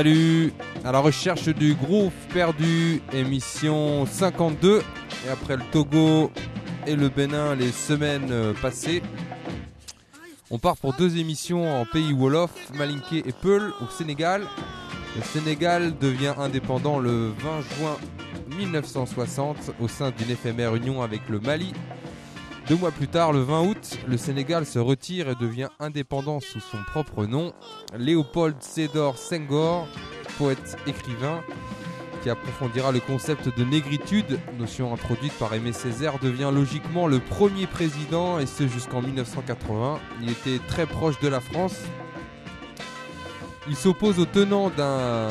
Salut À la recherche du groupe perdu, émission 52. Et après le Togo et le Bénin les semaines passées, on part pour deux émissions en pays Wolof, Malinké et Peul au Sénégal. Le Sénégal devient indépendant le 20 juin 1960 au sein d'une éphémère union avec le Mali deux mois plus tard, le 20 août, le Sénégal se retire et devient indépendant sous son propre nom. Léopold Sédor Senghor, poète écrivain, qui approfondira le concept de négritude, notion introduite par Aimé Césaire, devient logiquement le premier président, et ce jusqu'en 1980. Il était très proche de la France. Il s'oppose au tenant d'un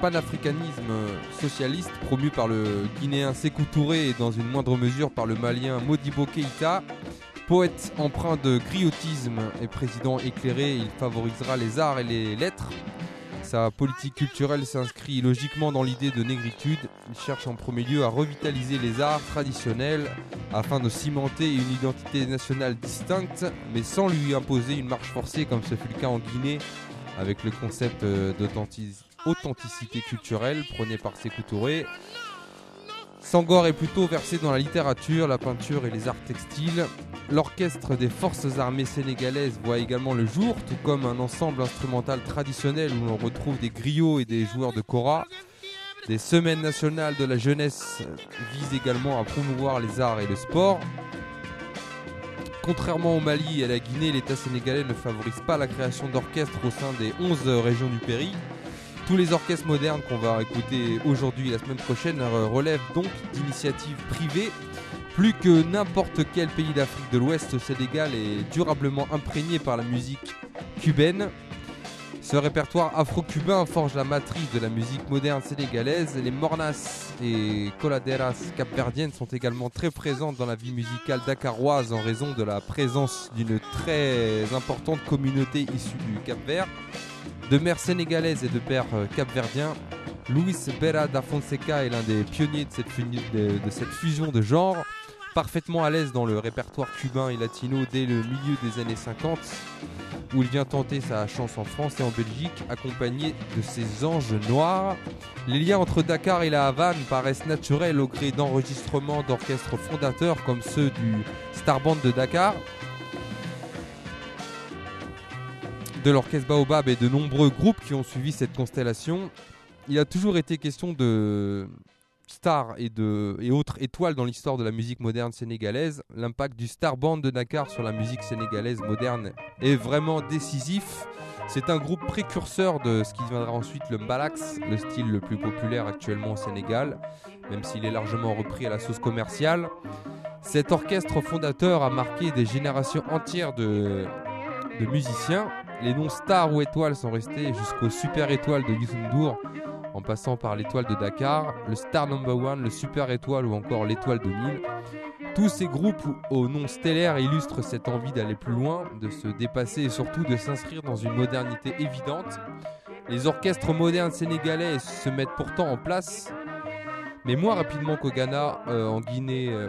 panafricanisme socialiste promu par le Guinéen Sékou Touré et dans une moindre mesure par le Malien Modibo Keïta. Poète empreint de griotisme et président éclairé, il favorisera les arts et les lettres. Sa politique culturelle s'inscrit logiquement dans l'idée de négritude. Il cherche en premier lieu à revitaliser les arts traditionnels afin de cimenter une identité nationale distincte, mais sans lui imposer une marche forcée comme ce fut le cas en Guinée avec le concept euh, d'authenticité authenticité culturelle prônée par ses Touré. Sangor est plutôt versé dans la littérature, la peinture et les arts textiles. L'orchestre des forces armées sénégalaises voit également le jour, tout comme un ensemble instrumental traditionnel où l'on retrouve des griots et des joueurs de kora. Des semaines nationales de la jeunesse visent également à promouvoir les arts et le sport. Contrairement au Mali et à la Guinée, l'État sénégalais ne favorise pas la création d'orchestres au sein des 11 régions du Péri. Tous les orchestres modernes qu'on va écouter aujourd'hui et la semaine prochaine euh, relèvent donc d'initiatives privées. Plus que n'importe quel pays d'Afrique de l'Ouest, Sénégal est durablement imprégné par la musique cubaine. Ce répertoire afro-cubain forge la matrice de la musique moderne sénégalaise. Les mornas et coladeras capverdiennes sont également très présentes dans la vie musicale dakaroise en raison de la présence d'une très importante communauté issue du Cap-Vert. De mère sénégalaise et de père euh, capverdien, Luis Bera da Fonseca est l'un des pionniers de cette, de cette fusion de genres. Parfaitement à l'aise dans le répertoire cubain et latino dès le milieu des années 50, où il vient tenter sa chance en France et en Belgique, accompagné de ses anges noirs. Les liens entre Dakar et la Havane paraissent naturels au gré d'enregistrements d'orchestres fondateurs comme ceux du Star Band de Dakar, de l'orchestre Baobab et de nombreux groupes qui ont suivi cette constellation, il a toujours été question de stars et, de, et autres étoiles dans l'histoire de la musique moderne sénégalaise. L'impact du Star Band de Dakar sur la musique sénégalaise moderne est vraiment décisif. C'est un groupe précurseur de ce qui deviendra ensuite le Mbalax, le style le plus populaire actuellement au Sénégal, même s'il est largement repris à la sauce commerciale. Cet orchestre fondateur a marqué des générations entières de, de musiciens les noms stars ou étoiles sont restés jusqu'aux super étoiles de Yusundur, en passant par l'étoile de Dakar, le Star Number One, le Super Étoile ou encore l'étoile de Tous ces groupes au nom stellaire illustrent cette envie d'aller plus loin, de se dépasser et surtout de s'inscrire dans une modernité évidente. Les orchestres modernes sénégalais se mettent pourtant en place, mais moins rapidement qu'au Ghana, euh, en Guinée. Euh,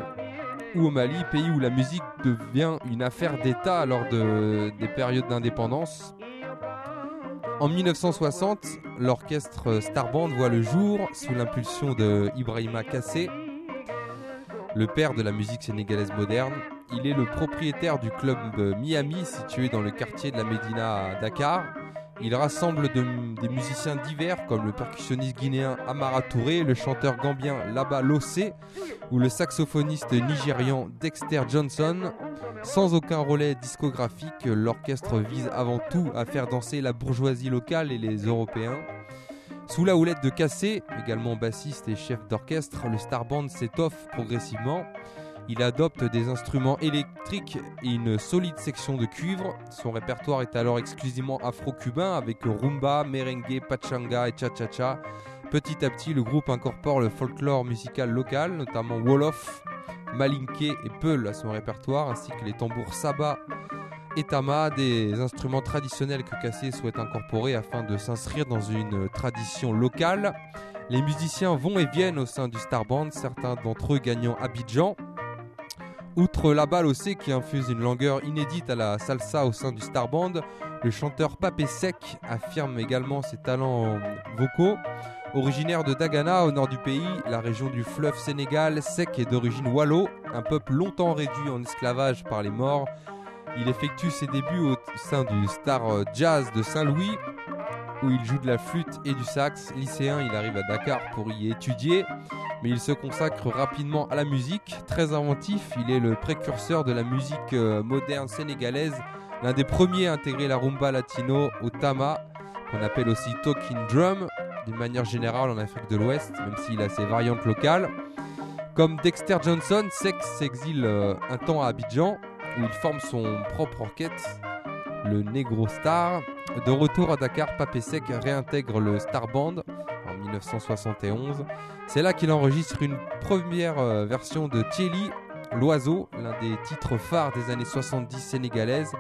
ou au Mali, pays où la musique devient une affaire d'État lors de, des périodes d'indépendance. En 1960, l'orchestre Starband voit le jour sous l'impulsion de Ibrahima Kassé, le père de la musique sénégalaise moderne. Il est le propriétaire du club Miami situé dans le quartier de la Médina à Dakar il rassemble des musiciens divers comme le percussionniste guinéen Amara Touré, le chanteur gambien Laba Lossé ou le saxophoniste nigérian Dexter Johnson. Sans aucun relais discographique, l'orchestre vise avant tout à faire danser la bourgeoisie locale et les Européens. Sous la houlette de Cassé, également bassiste et chef d'orchestre, le Star Band s'étoffe progressivement. Il adopte des instruments électriques et une solide section de cuivre. Son répertoire est alors exclusivement afro-cubain avec rumba, merengue, pachanga et cha-cha-cha. Petit à petit, le groupe incorpore le folklore musical local, notamment Wolof, Malinke et Peul à son répertoire, ainsi que les tambours saba et tama, des instruments traditionnels que Cassé souhaite incorporer afin de s'inscrire dans une tradition locale. Les musiciens vont et viennent au sein du Star Band, certains d'entre eux gagnant Abidjan, Outre la balle C qui infuse une langueur inédite à la salsa au sein du Star Band, le chanteur Papé Sec affirme également ses talents vocaux. Originaire de Dagana, au nord du pays, la région du fleuve Sénégal, Sec est d'origine wallo, un peuple longtemps réduit en esclavage par les morts. Il effectue ses débuts au sein du Star Jazz de Saint-Louis, où il joue de la flûte et du sax. Lycéen, il arrive à Dakar pour y étudier mais il se consacre rapidement à la musique. Très inventif, il est le précurseur de la musique euh, moderne sénégalaise, l'un des premiers à intégrer la rumba latino au tama, qu'on appelle aussi talking drum, d'une manière générale en Afrique de l'Ouest, même s'il a ses variantes locales. Comme Dexter Johnson, Sex s'exile euh, un temps à Abidjan, où il forme son propre orchestre, le Negro Star. De retour à Dakar, Papé Sec réintègre le Star Band en 1971 c'est là qu'il enregistre une première euh, version de Thierry L'Oiseau, l'un des titres phares des années 70 sénégalaises.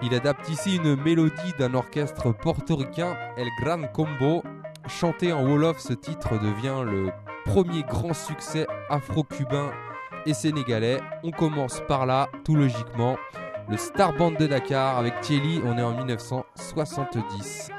Il adapte ici une mélodie d'un orchestre portoricain, El Gran Combo. Chanté en Wolof, ce titre devient le premier grand succès afro-cubain et sénégalais. On commence par là, tout logiquement. Le Star Band de Dakar avec Thierry, on est en 1970.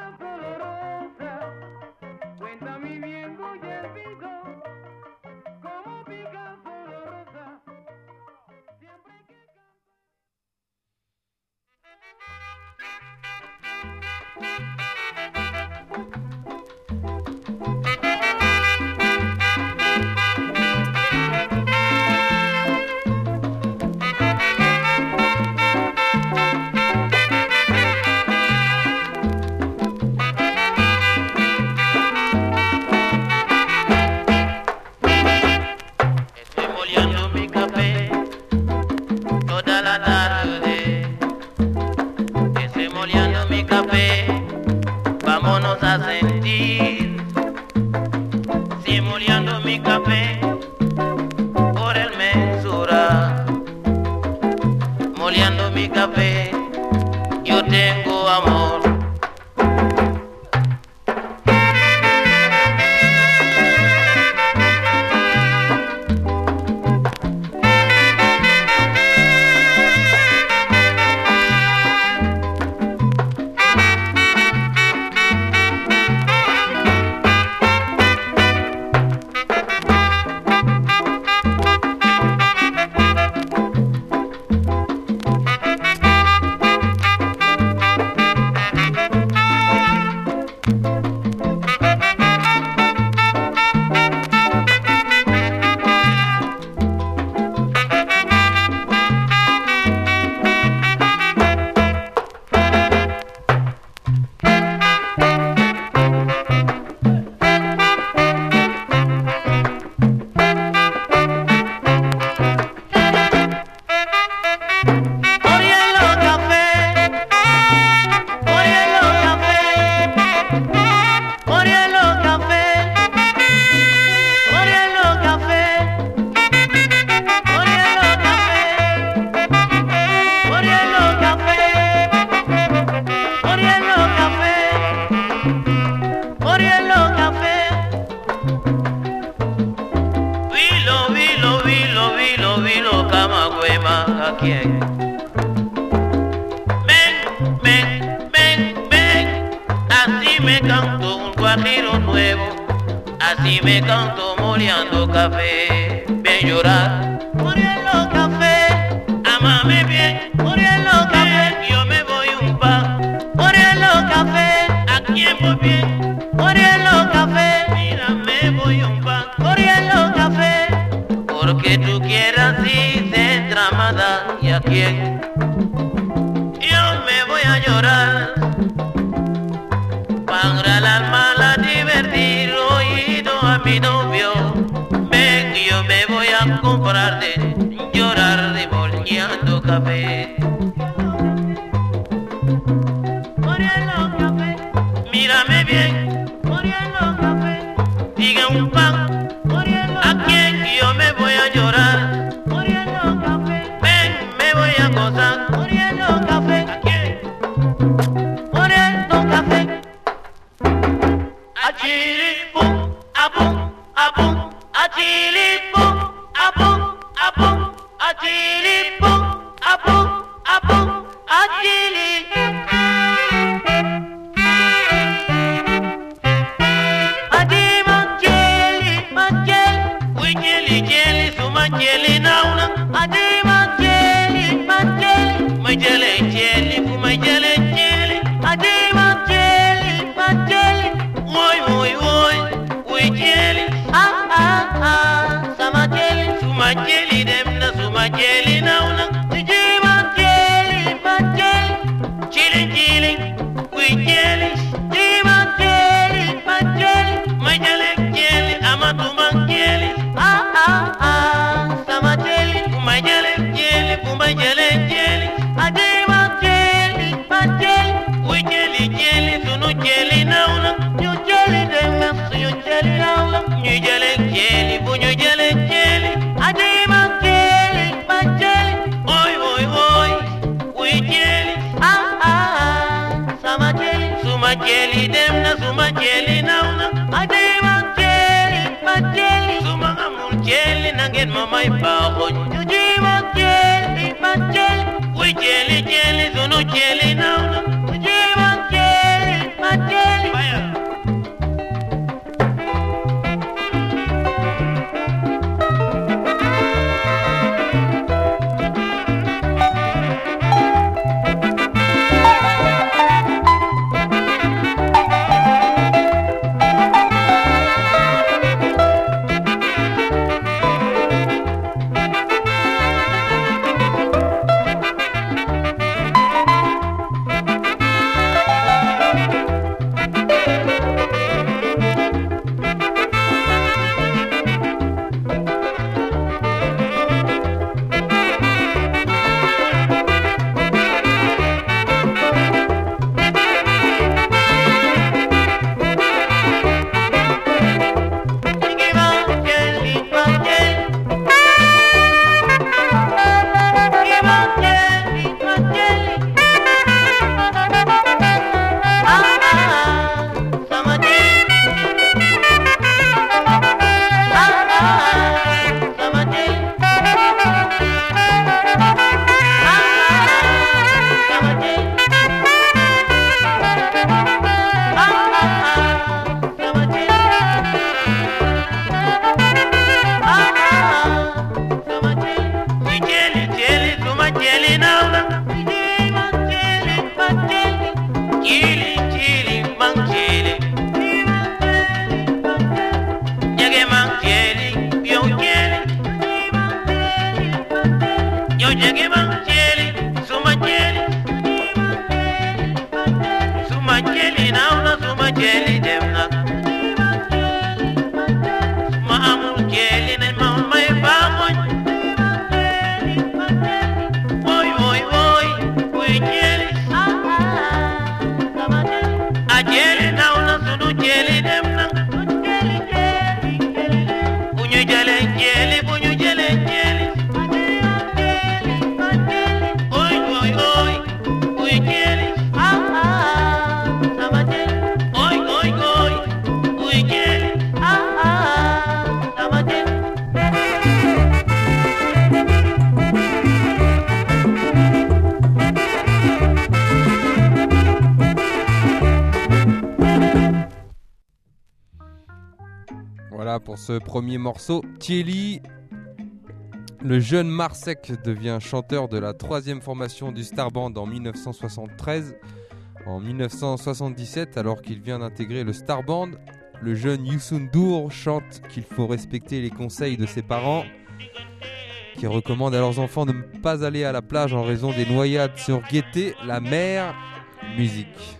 quién. Ven, ven, ven, ven, así me canto un guajiro nuevo, así me canto moleando café, ven llorar. ken Y ipa ojiji ma jeli uy jeli we jeli no zunu jeli no. jẹ́ni pour ce premier morceau. Thierry, le jeune Marsec devient chanteur de la troisième formation du Star Band en 1973. En 1977, alors qu'il vient d'intégrer le Star Band, le jeune Youssoundour chante qu'il faut respecter les conseils de ses parents, qui recommandent à leurs enfants de ne pas aller à la plage en raison des noyades sur Guetté, la mer, musique.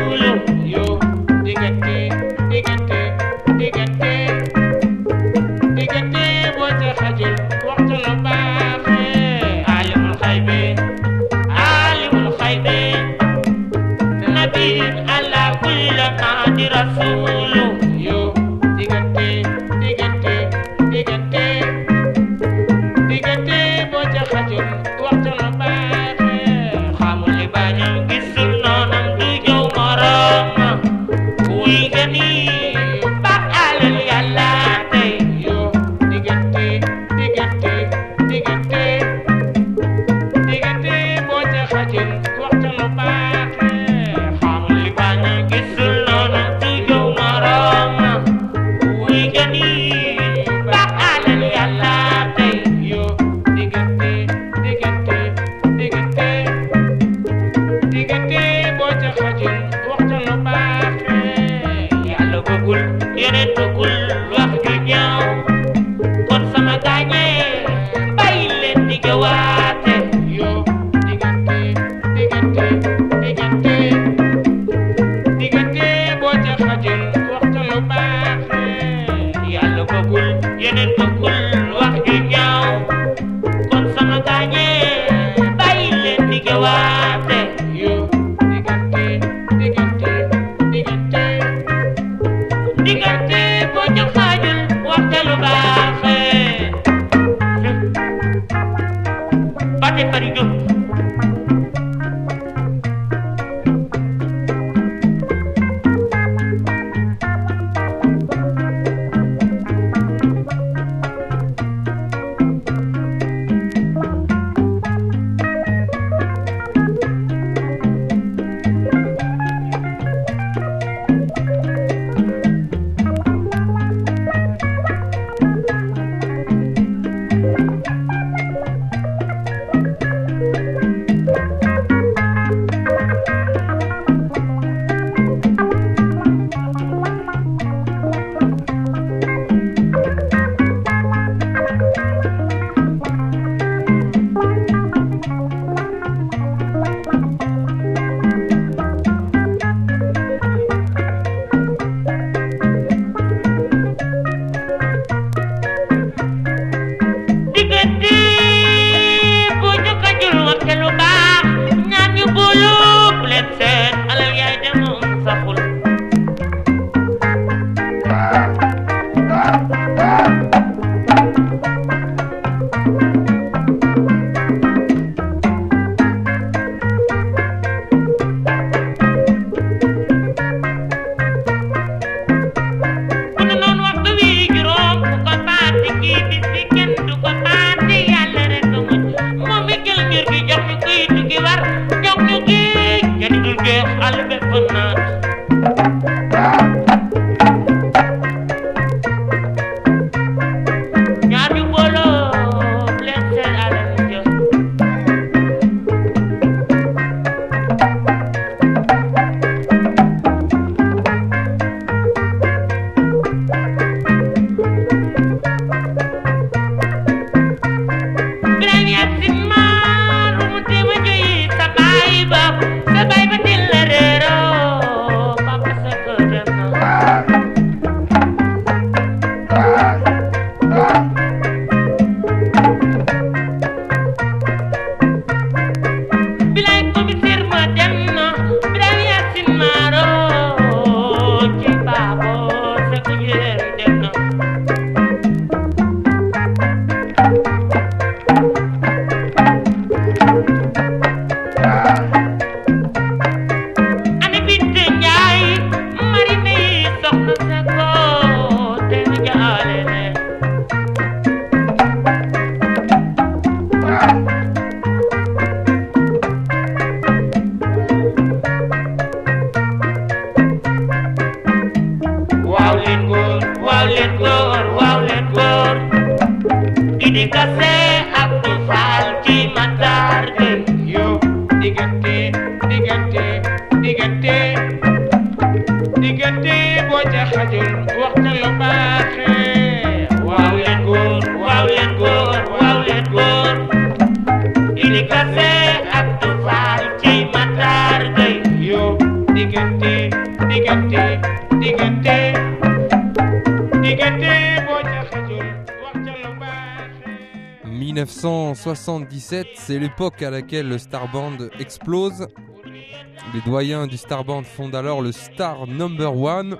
1977, c'est l'époque à laquelle le Star Band explose. Les doyens du Star Band fondent alors le Star Number One.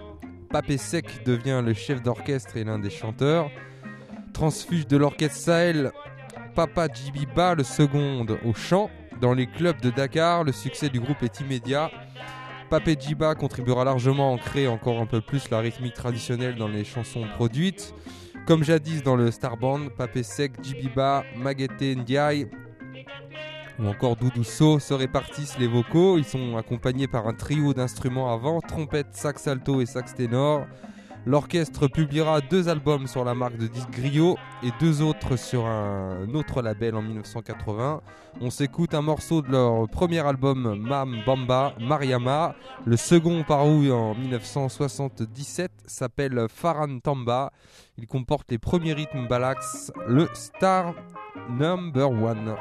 pape Sec devient le chef d'orchestre et l'un des chanteurs. Transfuge de l'orchestre Sahel, Papa Djibiba le second au chant. Dans les clubs de Dakar, le succès du groupe est immédiat. Pape Djiba contribuera largement à créer encore un peu plus la rythmique traditionnelle dans les chansons produites. Comme jadis dans le Starband, Papé Sec, Jibiba, Magete Ndiaye ou encore Doudou se répartissent les vocaux. Ils sont accompagnés par un trio d'instruments avant, trompette, sax alto et sax ténor. L'orchestre publiera deux albums sur la marque de disque Griot et deux autres sur un autre label en 1980. On s'écoute un morceau de leur premier album Mam Bamba Mariama. Le second paru en 1977 s'appelle Faran Tamba. Il comporte les premiers rythmes Balax, le Star Number One.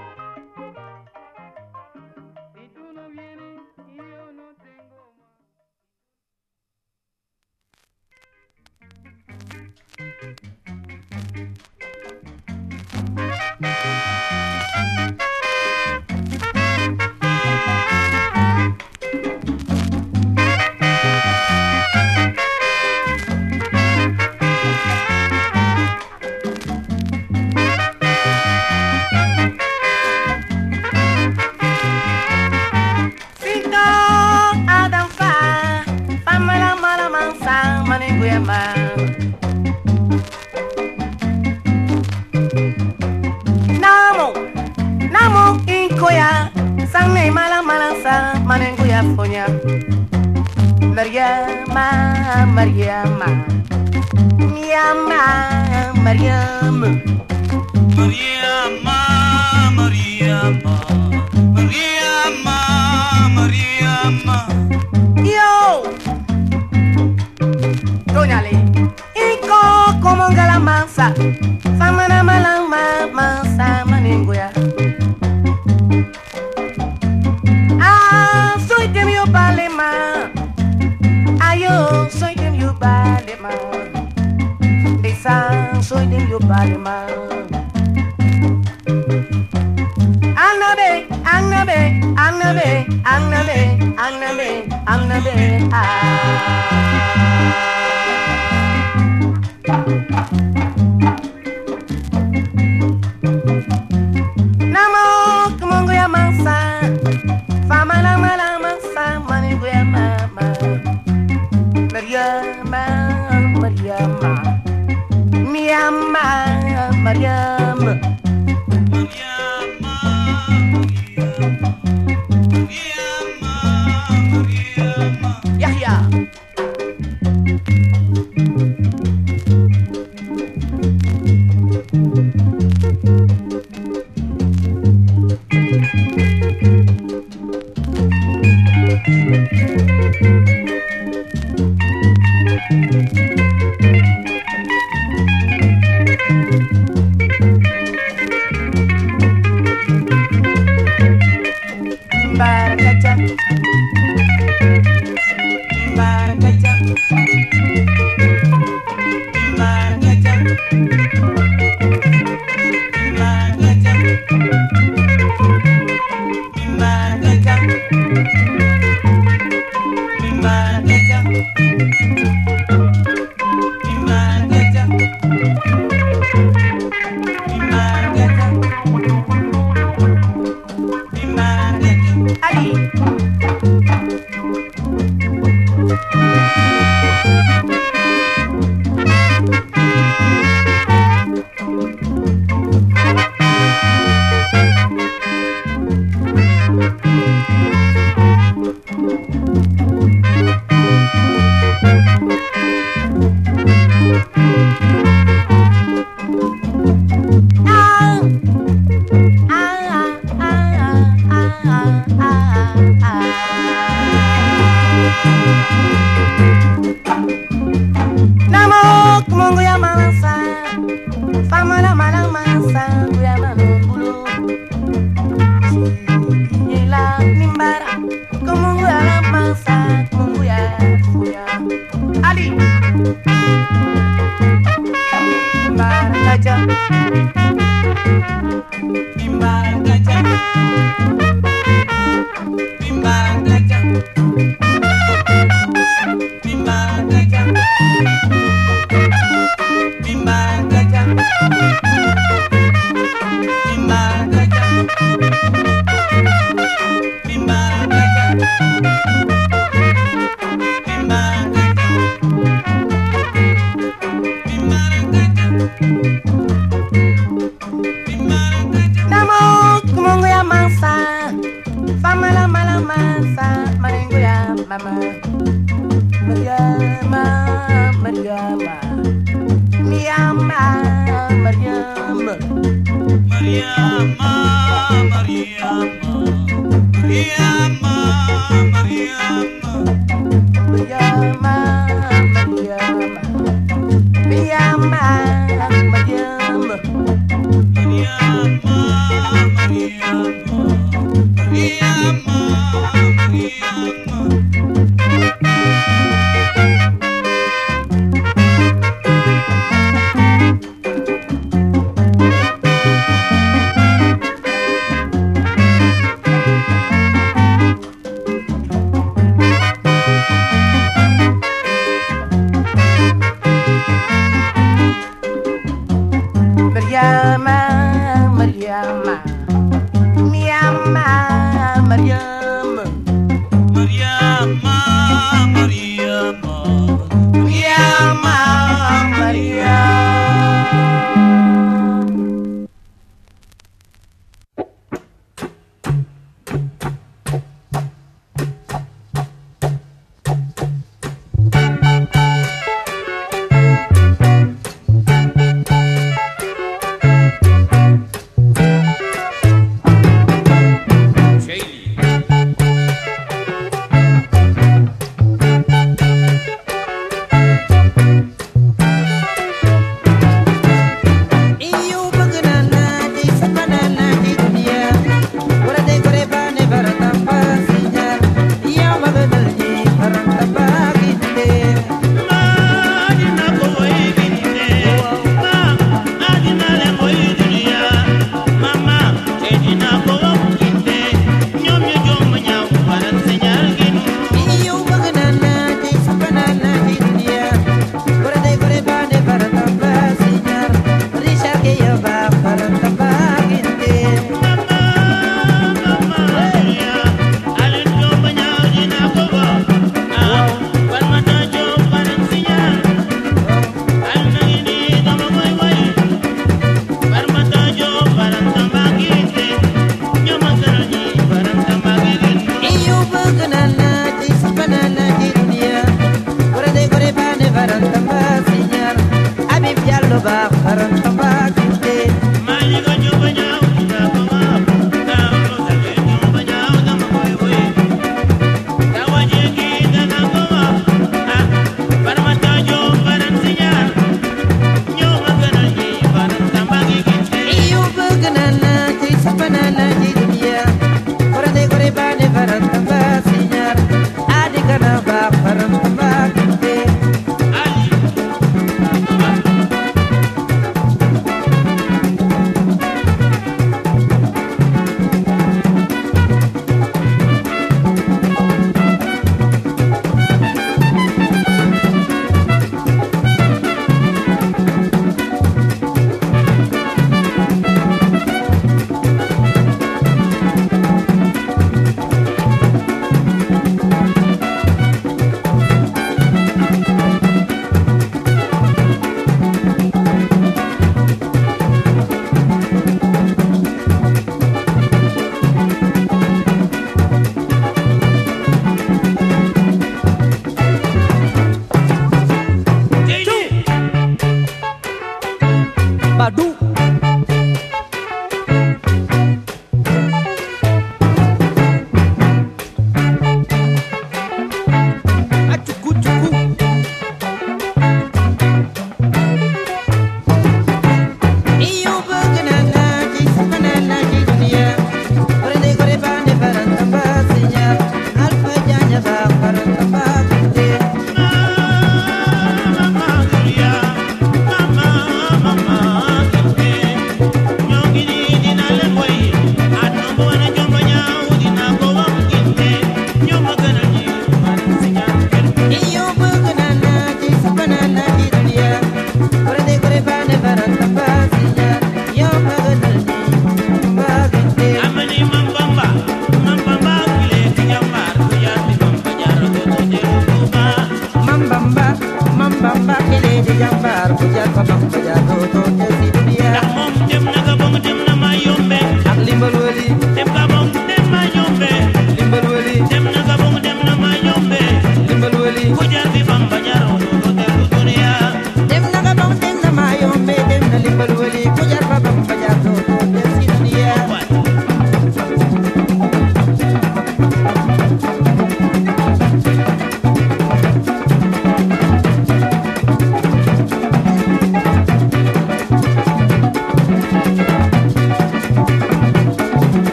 Namo, namo inkoya, sange mala mala sa manenguya fonya. Maria ma Maria ma Maria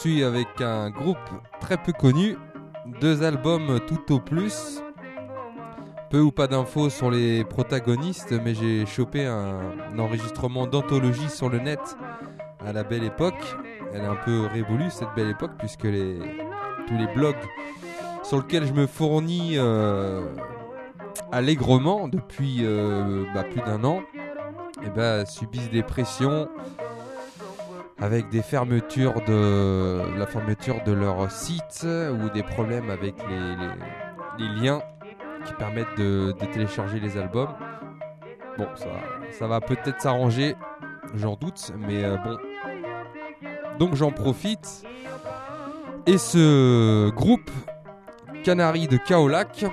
suis avec un groupe très peu connu, deux albums tout au plus. Peu ou pas d'infos sur les protagonistes, mais j'ai chopé un, enregistrement d'anthologie sur le net à la belle époque. Elle est un peu révolue cette belle époque puisque les, tous les blogs sur lesquels je me fournis euh, allègrement depuis euh, bah, plus d'un an, eh ben, subissent des pressions avec des fermetures de la fermeture de leur site ou des problèmes avec les, liens qui permettent de, télécharger les albums. Bon, ça, va peut-être s'arranger, j'en doute, mais euh, bon. Donc j'en profite. Et ce groupe Canary de Kaolac,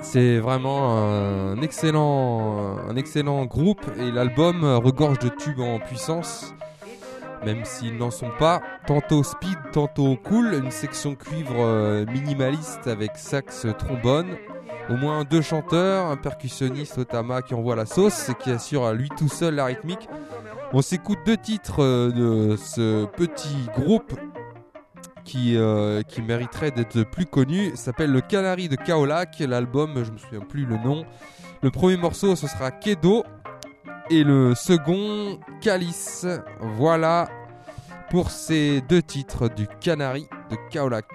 c'est vraiment un excellent, un excellent groupe et l'album regorge de tubes en puissance même s'ils n'en sont pas. Tantôt speed, tantôt cool, une section cuivre euh, minimaliste avec sax trombone. Au moins deux chanteurs, un percussionniste Otama qui envoie la sauce et qui assure à lui tout seul la rythmique. On s'écoute deux titres euh, de ce petit groupe qui, euh, mériterait d'être plus connu. S'appelle Le Canari de Kaolak, L'album, je me souviens plus le nom. Le premier morceau, ce sera Kedo et le second Calice. Voilà pour ces deux titres du Canari de Kaolac.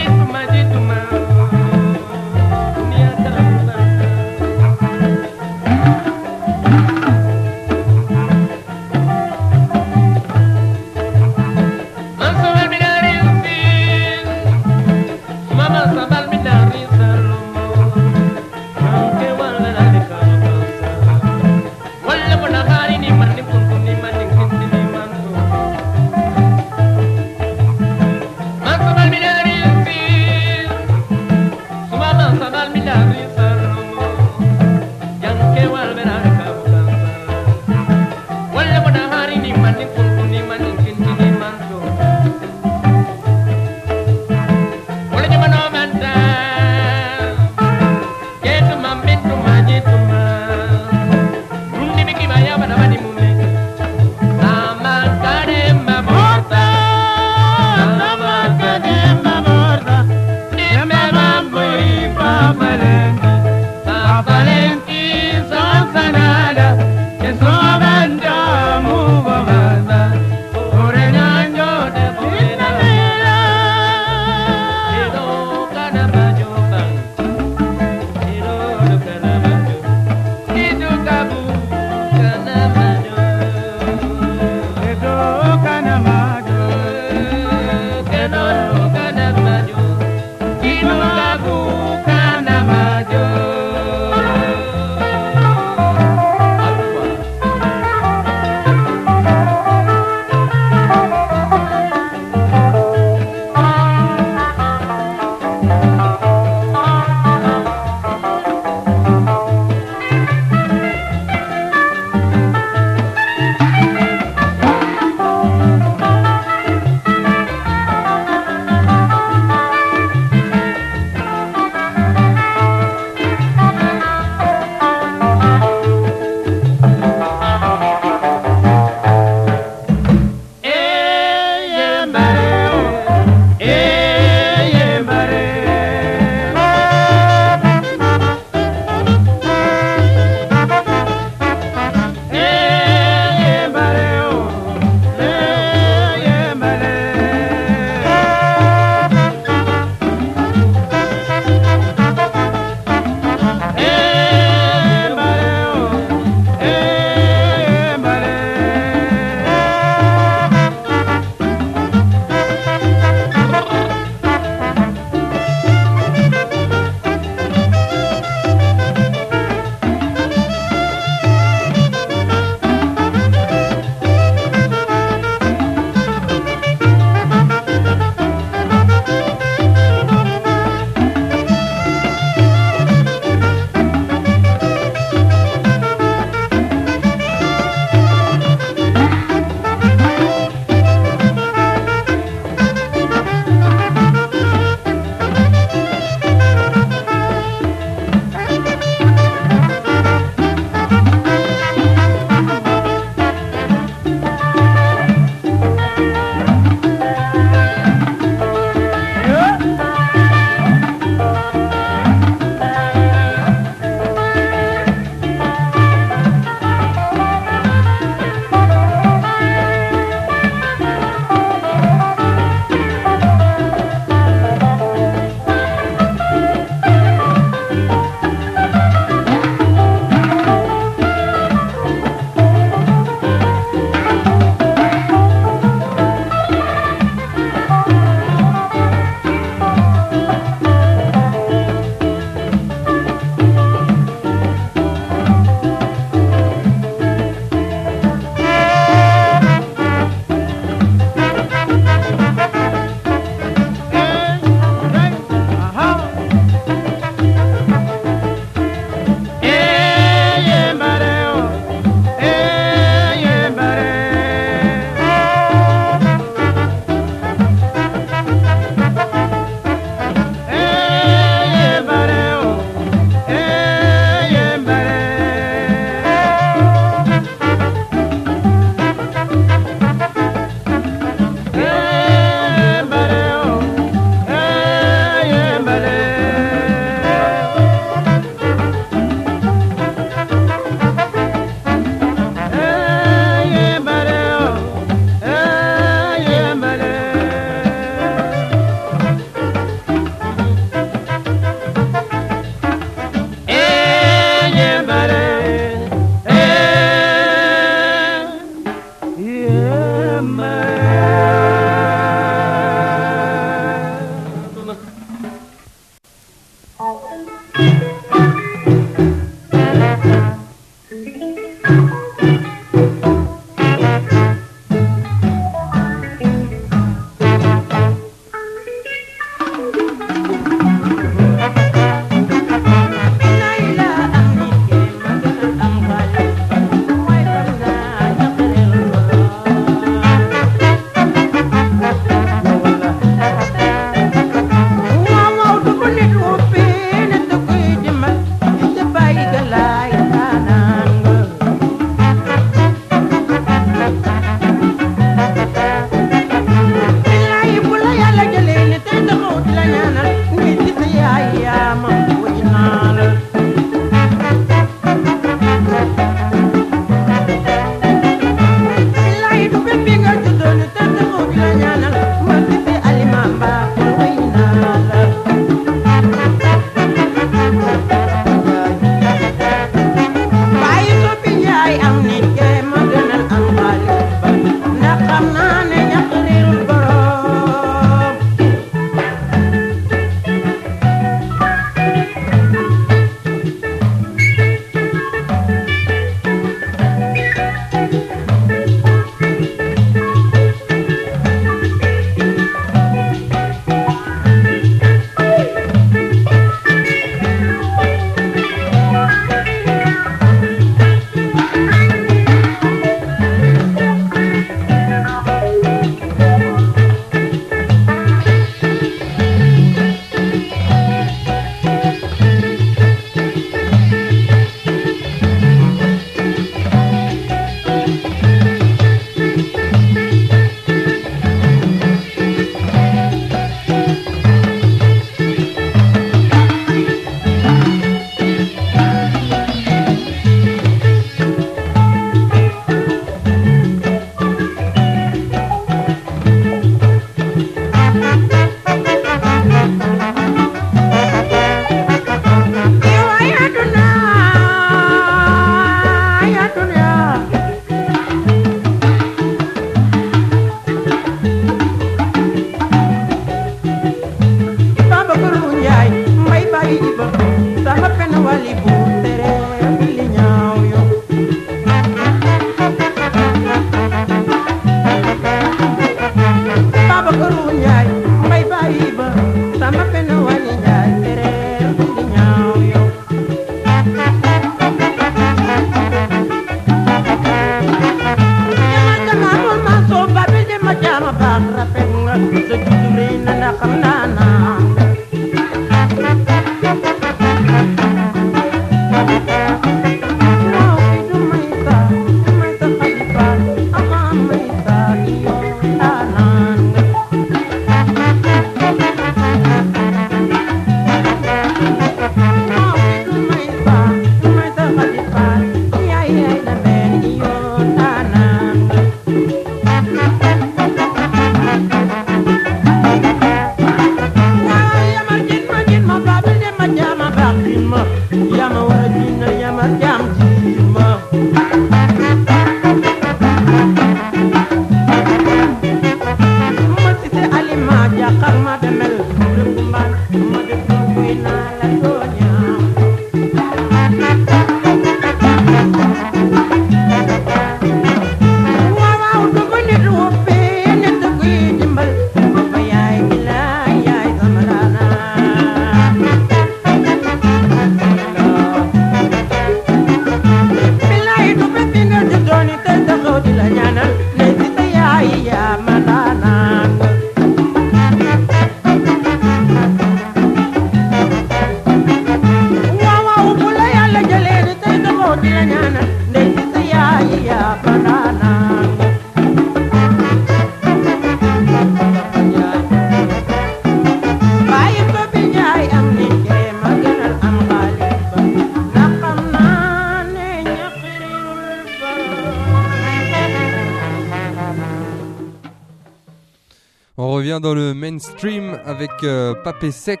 avec euh, Papé Sec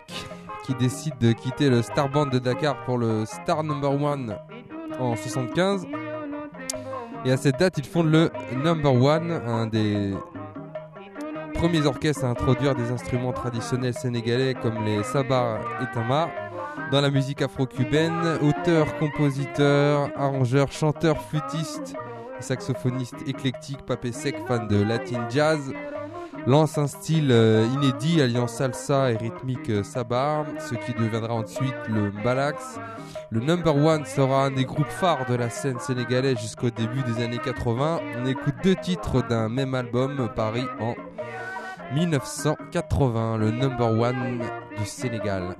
qui décide de quitter le Star Band de Dakar pour le Star Number One en 75. Et à cette date, ils fondent le Number One, un des premiers orchestres à introduire des instruments traditionnels sénégalais comme les sabars et tamars dans la musique afro-cubaine. Auteur, compositeur, arrangeur, chanteur, flûtiste, saxophoniste éclectique, papé sec, fan de latin jazz lance un style euh, inédit alliant salsa et rythmique euh, sabar, ce qui deviendra ensuite le mbalax. Le number one sera un des groupes phares de la scène sénégalaise jusqu'au début des années 80. On écoute deux titres d'un même album, Paris en 1980, le number one du Sénégal.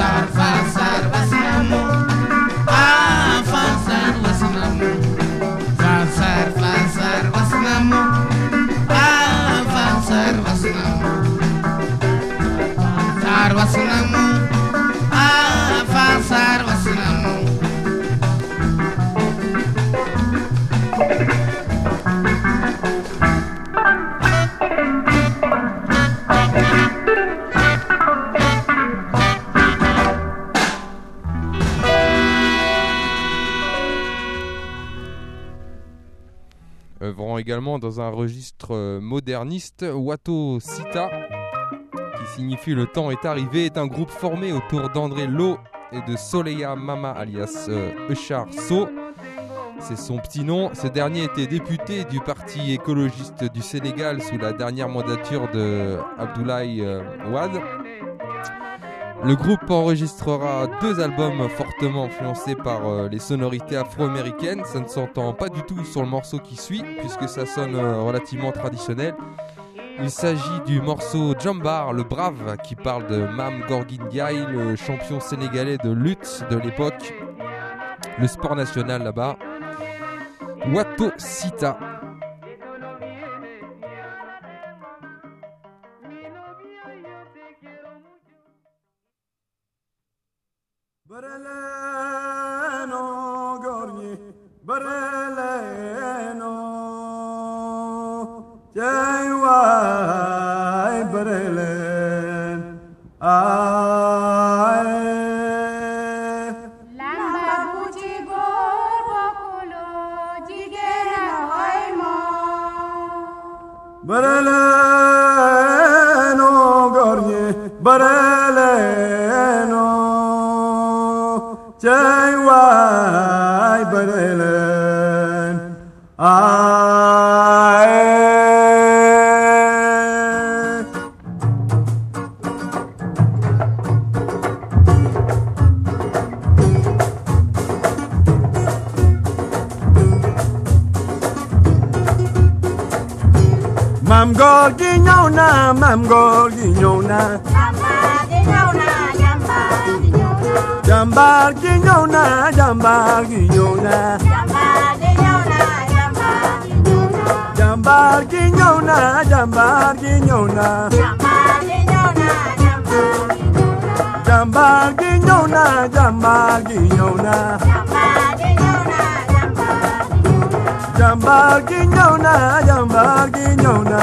San Francisco. dans un registre euh, moderniste. Wato Sita, qui signifie le temps est arrivé, est un groupe formé autour d'André Lowe et de Soleya Mama alias Echar euh, So. C'est son petit nom. Ce dernier était député du Parti écologiste du Sénégal sous la dernière mandature de Abdoulaye Ouad. Euh, le groupe enregistrera deux albums fortement influencés par euh, les sonorités afro-américaines. Ça ne s'entend pas du tout sur le morceau qui suit, puisque ça sonne euh, relativement traditionnel. Il s'agit du morceau Jambar, le brave, qui parle de Mam Gai, le champion sénégalais de lutte de l'époque, le sport national là-bas. Wato Sita, Breleno gornji, breleno, Mamgol ginyona, mamgol ginyona. Mamgol ginyona, jambar ginyona. Jambar ginyona, jambar ginyona. Jambar ginyona, jambar ginyona. Jambar ginyona, jambar ginyona. Jambar ginyona, jambar ginyona. Jambar ginyona, jambar ginyona. Jambal Ginyona, Jambal Ginyona.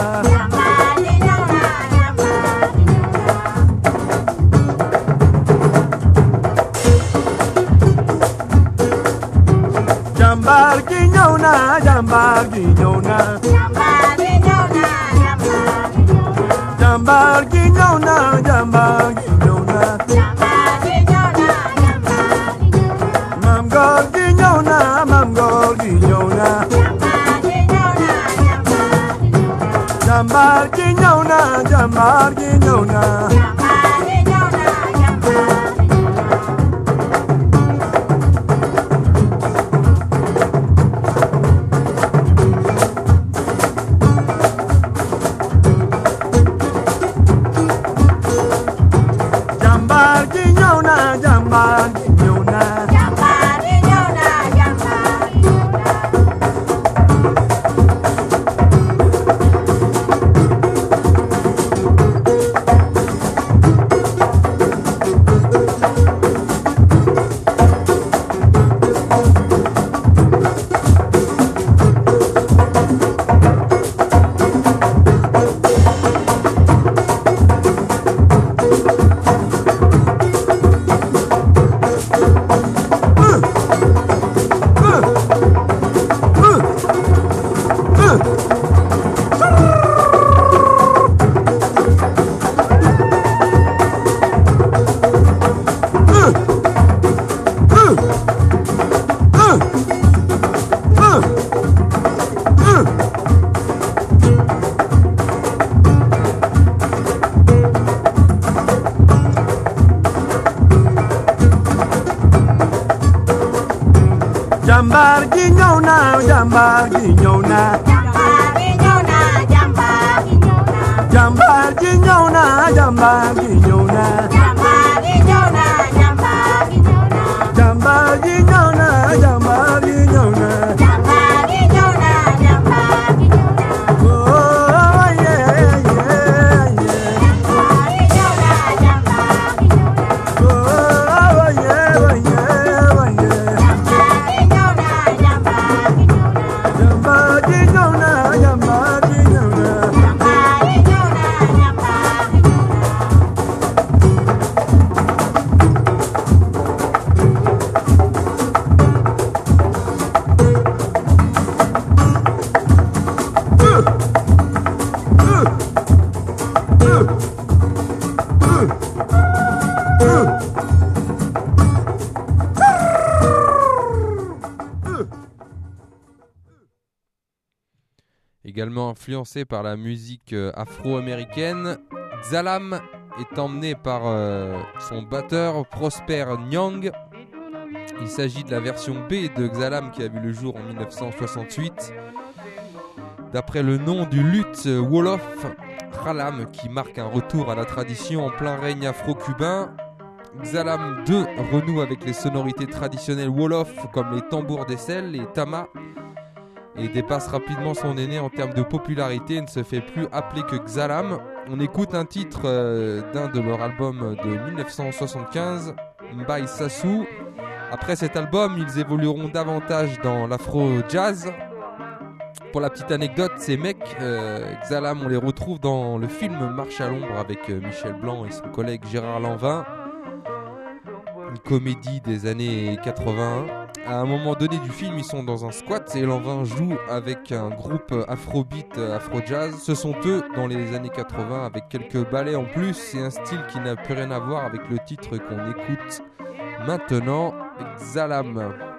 Jambal Ginyona, Jambal Ginyona. Jambal Ginyona, Jambal Ginyona. nada. jamba ji ñëw na jamba ji ñëw na jamba ji ñëw na jamba ji jamba ji influencé par la musique euh, afro-américaine, Xalam est emmené par euh, son batteur Prosper Nyang. Il s'agit de la version B de Xalam qui a vu le jour en 1968. D'après le nom du luth euh, Wolof, Xalam qui marque un retour à la tradition en plein règne afro-cubain, Xalam 2 renoue avec les sonorités traditionnelles Wolof comme les tambours d'aisselle, les tamas et dépasse rapidement son aîné en termes de popularité et ne se fait plus appeler que Xalam. On écoute un titre euh, d'un de leurs albums de 1975, Mbai Sasu. Après cet album, ils évolueront davantage dans l'afro-jazz. Pour la petite anecdote, ces mecs, euh, Xalam, on les retrouve dans le film Marche à l'ombre avec euh, Michel Blanc et son collègue Gérard Lanvin. Une comédie des années 80 à un moment donné du film, ils sont dans un squat et Lanvin joue avec un groupe afrobeat, afro-jazz. Ce sont eux dans les années 80 avec quelques ballets en plus. C'est un style qui n'a plus rien à voir avec le titre qu'on écoute maintenant, Xalam.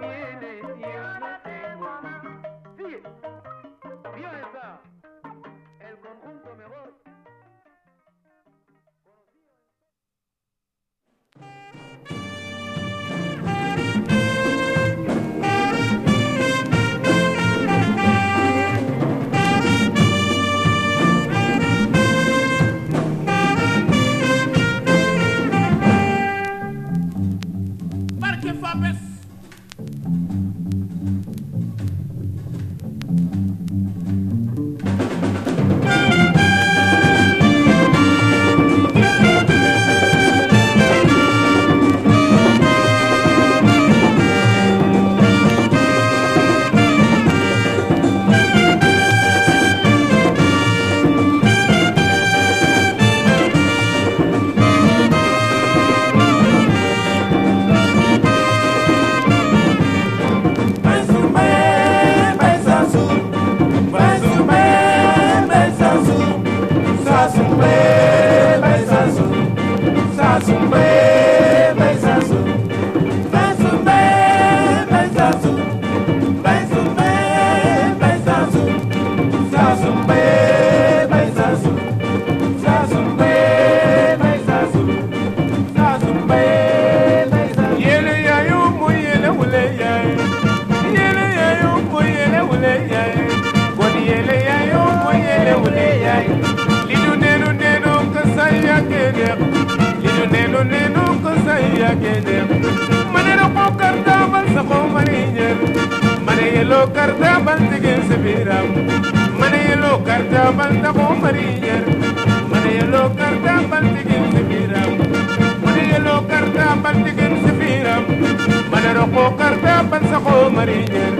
karta bansaxo mariñer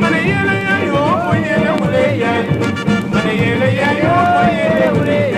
mana yele yayo o yele wuleya mana yele yayo o yele wuleya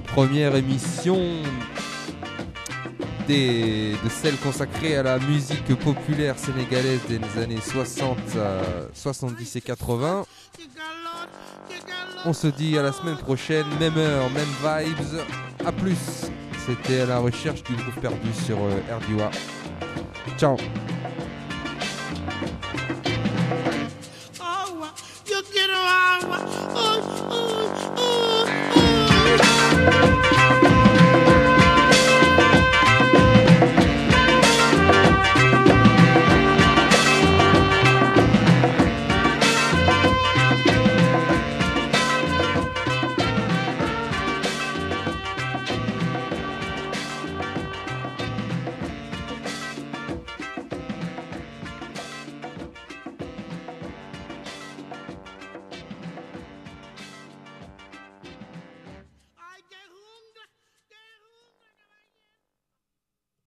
première émission des, de celle consacrée à la musique populaire sénégalaise des années 60, 70 euh, et 80. On se dit à la semaine prochaine, même heure, même vibes. à plus. C'était à la recherche du groupe perdu sur euh, Ciao.